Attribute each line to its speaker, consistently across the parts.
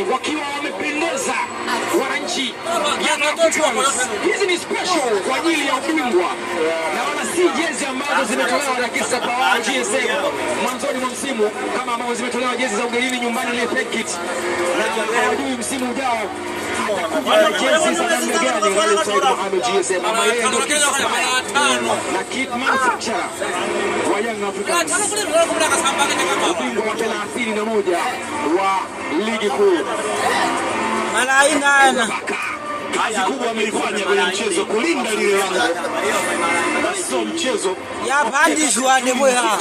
Speaker 1: wengi wakiwa wamependeza wananchi hizi ni special kwa ajili ya ubingwa na wala si jezi ambazo zimetolewa na kisa Power GSM mwanzoni mwa msimu kama ambazo zimetolewa jezi za ugenini nyumbani ile Pekit na adui msimu ujao na Kidman Future ubingwa thelathini na moja wa ligi kuu. Kazi kubwa ameifanya kwenye mchezo kulinda lile lango, na sio mchezo
Speaker 2: yapandishwa nebuha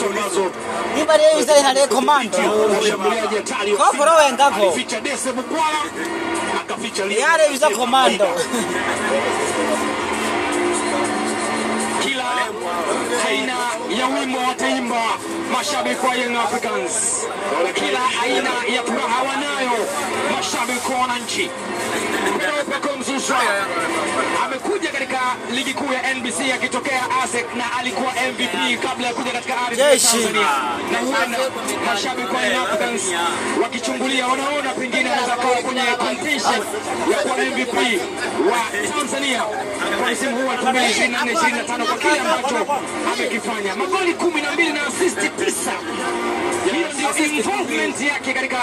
Speaker 2: ibareizainalekomandokoporowengakoyarevisa komando
Speaker 1: kila aina ya wimbo wataimba mashabiki wa Young Africans, kila aina ya furaha wanayo mashabiki wa wananchi. Peko amekuja katika ligi kuu ya NBC akitokea ASEC na alikuwa MVP kabla ya kuja katika ardhi
Speaker 2: ya Tanzania,
Speaker 1: na huenda mashabiki wa Young Africans wakichungulia, wanaona pengine anaweza kuwa kwenye competition ya kuwa MVP wa Tanzania kwa msimu huu wa 2024 25 kwa kile ambacho amekifanya, magoli 12 na assist 9. Hiyo ndio involvement yake katika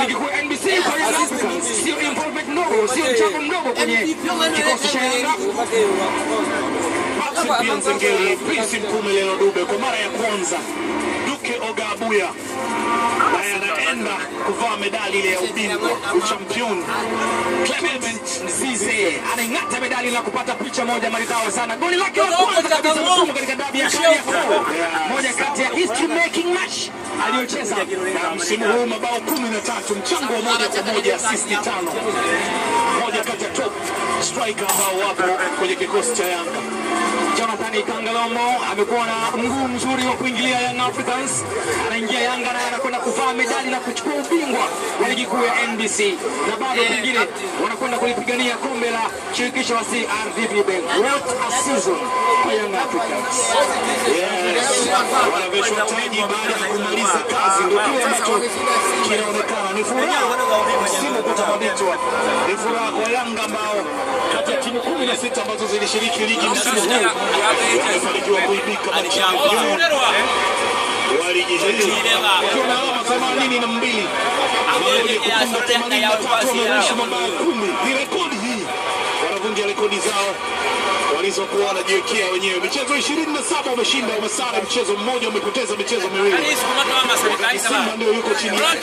Speaker 1: ligi kuu NBC kwa Young Africans. Sio involvement ndogo, sio mchango mdogo kwenye kikosi cha Young Africans. Prince Mpumelelo Dube kwa mara ya kwanza yake Ogabuya naye anaenda kuvaa medali ile ya ubingwa uchampion. Clement Mzize anaing'ata medali na kupata picha moja maridhawa sana. Goli lake la kwanza kabisa msimu katika dabi ya Kariakoo, moja kati ya history making match aliyocheza na msimu huu, mabao kumi na tatu, mchango wa moja kwa moja, asisti tano, moja kati ya top striker ambao wapo kwenye kikosi cha Yanga. Jonathan Kangalombo amekuwa na mguu mzuri wa kuingilia Young Africans, anaingia Yanga na anakwenda kuvaa medali na kuchukua ubingwa wa ligi kuu ya NBC, na bado eh, pengine wanakwenda kulipigania kombe la shirikisho wa CRDB Bank. What a season kwa Young Africans! Yes, wanavyoshwa taji baada ya kumaliza kazi, ndio kile ambacho sita ambazo zilishiriki ligi msimu huu wamefanikiwa kuibuka wakiwa na alama themanini na mbili wameisha mabao kumi. Ni rekodi hii, wanavunja rekodi zao walizokuwa wanajiwekea wenyewe. Michezo ishirini na saba wameshinda, wamesare mchezo mmoja, wamepoteza michezo miwili. Yaani Simba ndio yuko chini yake.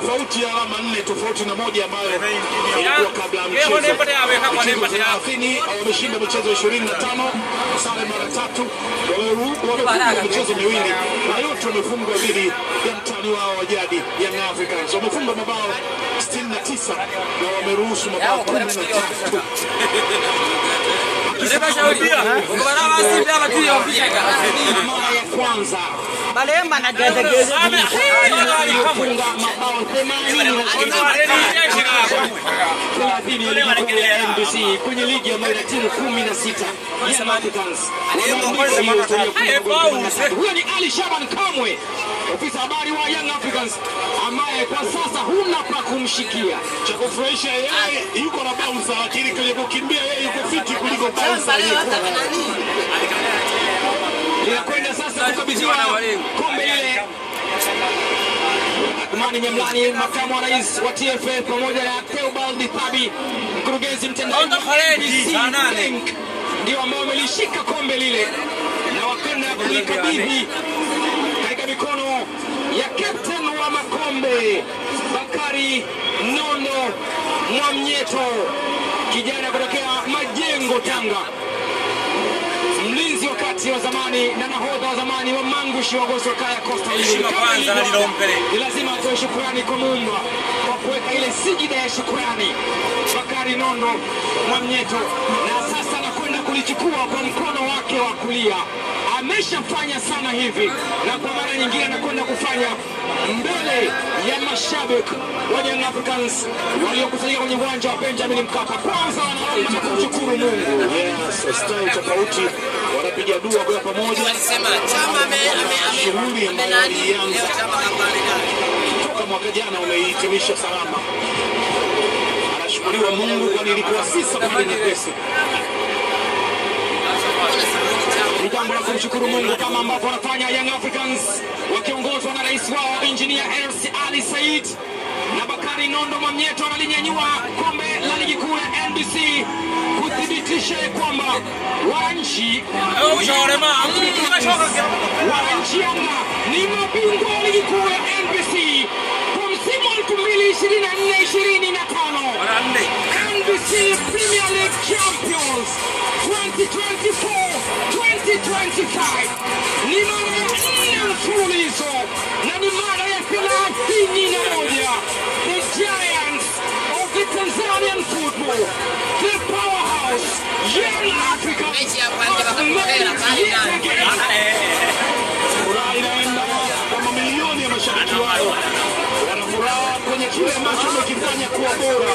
Speaker 1: tofauti ya alama nne tofauti na moja ambayo ilikuwa kabla ya mchezo. Wameshinda michezo 25, sare mara tatu, wamefungwa michezo miwili na yote wamefungwa dhidi ya mtani wao wa jadi Young Africans. Wamefungwa mabao 69 na wameruhusu mabao 13 kwenye ligi ambayo ina timu kumi na sita. Huyo ni Ali Shaban Kamwe, ofisa habari wa Young Africans ambaye kwa sasa huna pa kumshikia. Cha kufurahisha yeye yuko na bouncer, lakini kwenye kukimbia yeye yuko fiti kuliko bouncer aliyekuwa. Inakwenda sasa kukabidhiwa na kombe lile Athmani Nyamlani, makamu wa rais wa TFF, pamoja na Theobald Pabi, mkurugenzi mtendaji ndio ambao wamelishika kombe lile na wakenda kulikabidhi ya captain wa makombe Bakari Nondo Mwamnyeto, kijana kutokea Majengo, Tanga, mlinzi wa kati wa zamani na nahodha wa zamani wa Mangushi wa gosi wa kaya Costa. Ni lazima atoe shukurani kwa Muumba kwa kuweka ile sijida ya shukurani Bakari Nondo Mwamnyeto, na sasa anakwenda kulichukua kwa mkono wake wa kulia ameshafanya sana hivi, na kwa mara nyingine anakwenda kufanya mbele ya mashabiki wa Young Africans waliokusanyika kwenye uwanja wa Benjamin Mkapa. Kwanza wanaomba kumshukuru Mungu. Yes, style tofauti wanapiga dua kwa pamoja, shughuli ambayo toka mwaka jana wameihitimisha salama. Anashukuriwa Mungu, kwani ilikuwa si safari nyepesi ni jambo la kumshukuru Mungu kama ambavyo wanafanya Young Africans wakiongozwa na rais wao Engineer Hersi Ali Said na Bakari Nondo Mwamnyeto analinyanyua kombe la ligi kuu ya NBC kuthibitisha kwamba wananchi wananchi Yanga ni mabingwa wa ligi kuu ya NBC. 2019 Premier League champions 2024-2025. Ni mara ya nne mfululizo na ni mara ya thelathini na moja. The Giants of the Tanzanian football, the powerhouse, Young Africa Furaha inaenda kwa mamilioni ya mashabiki wao, wana kwenye kile ambacho wamekifanya kuwa bora.